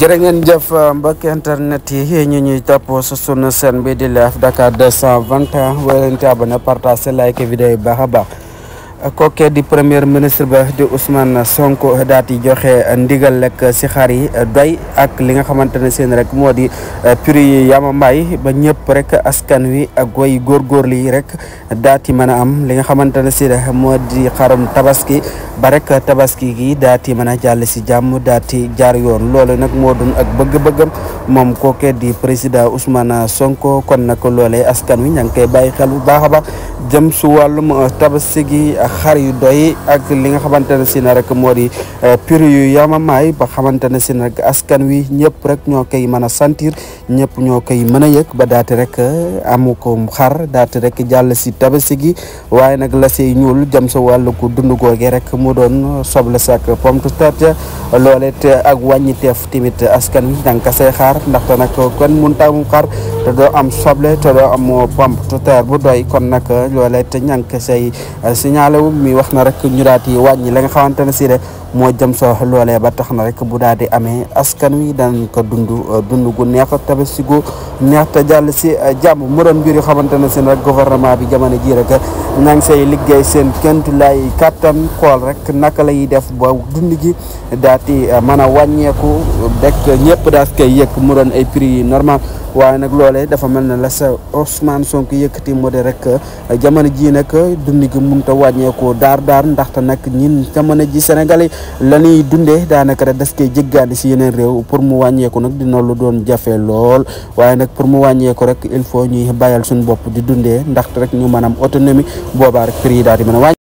jërë ngeen jëf euh, mbokk internet yi ñu ñuy topp su sunu seen bi di Live Dakar 221 wala ñu abonné partage like vidéo yi baax a baax kookee di premier ministre ba di Ousmane Sonko daal di joxe ndigal rek si xar yi doy ak li nga xamante ne seen rek moo di eh, prix yi yamambaay ba ñëpp rek askan wi ak way góorgóorlu yi rek daal di mën a am li nga xamante ne si moo di xarum tabaski ba rek tabaski gi daal di mën a jàll si jàmm daal di jaar yoon loole nag moo doon ak bëgg-bëggam moom kookee di président Ousmane Sonko kon nag loole askan wi ña ngi koy bàyyi xel bu baax tabaski gi. xar yu doy ak li nga xamante ne si ne rek moo di euh, prix yu yamamaay ba xamante ne si ne rek askan wi ñëpp rek ñoo koy mën a sentir ñëpp ñoo koy mën a yëg ba daate rek euh, amu ko xar daate rek jàll si tabaski gi waaye nag la see ñuul jëm sa wàllu ko dund googee rek mu doon soble sak pomme de terre loolet ak wàññi teef askan wi da nga kasee xaar ndaxte nag kon mun taamu xar te doo am soble te doo am pomme de terre bu doy kon nag loolet ña nga say réew mi wax na rek ñu daal di wàññi la nga xamante ne si de moo jëm so loolee ba tax na rek bu daal di amee askan wi danañ ko dund dund gu neex tabaski gu neex te jàll si eh, jàmm mu doon mbir yoo xamante ne si rek gouvernement bi jamono jii rek ña ngi say liggéey seen kentu lay kàttan xool rek naka lay def ba dund gi daal di eh, mën a wàññeeku rek ñëpp daal koy ay prix normal waaye nag loole dafa mën na la sa Ousmane Sonko yëkkati moo de rek eh, jamono ji nag dund gi mënut a wàññeekoo daar daar ndaxte nag ñi jamono ji Sénégal yi la ñuy dundee daanaka rek des koy jéggaani si yeneen réew pour mu wàññeeku nag dina lu doon jafe lool waaye nag pour mu wàññeeku rek il faut ñuy bayal suñu bopp di dundee ndaxt rek ñu maanaam autonomie boobaa rek prix yi daal di mën a wàññi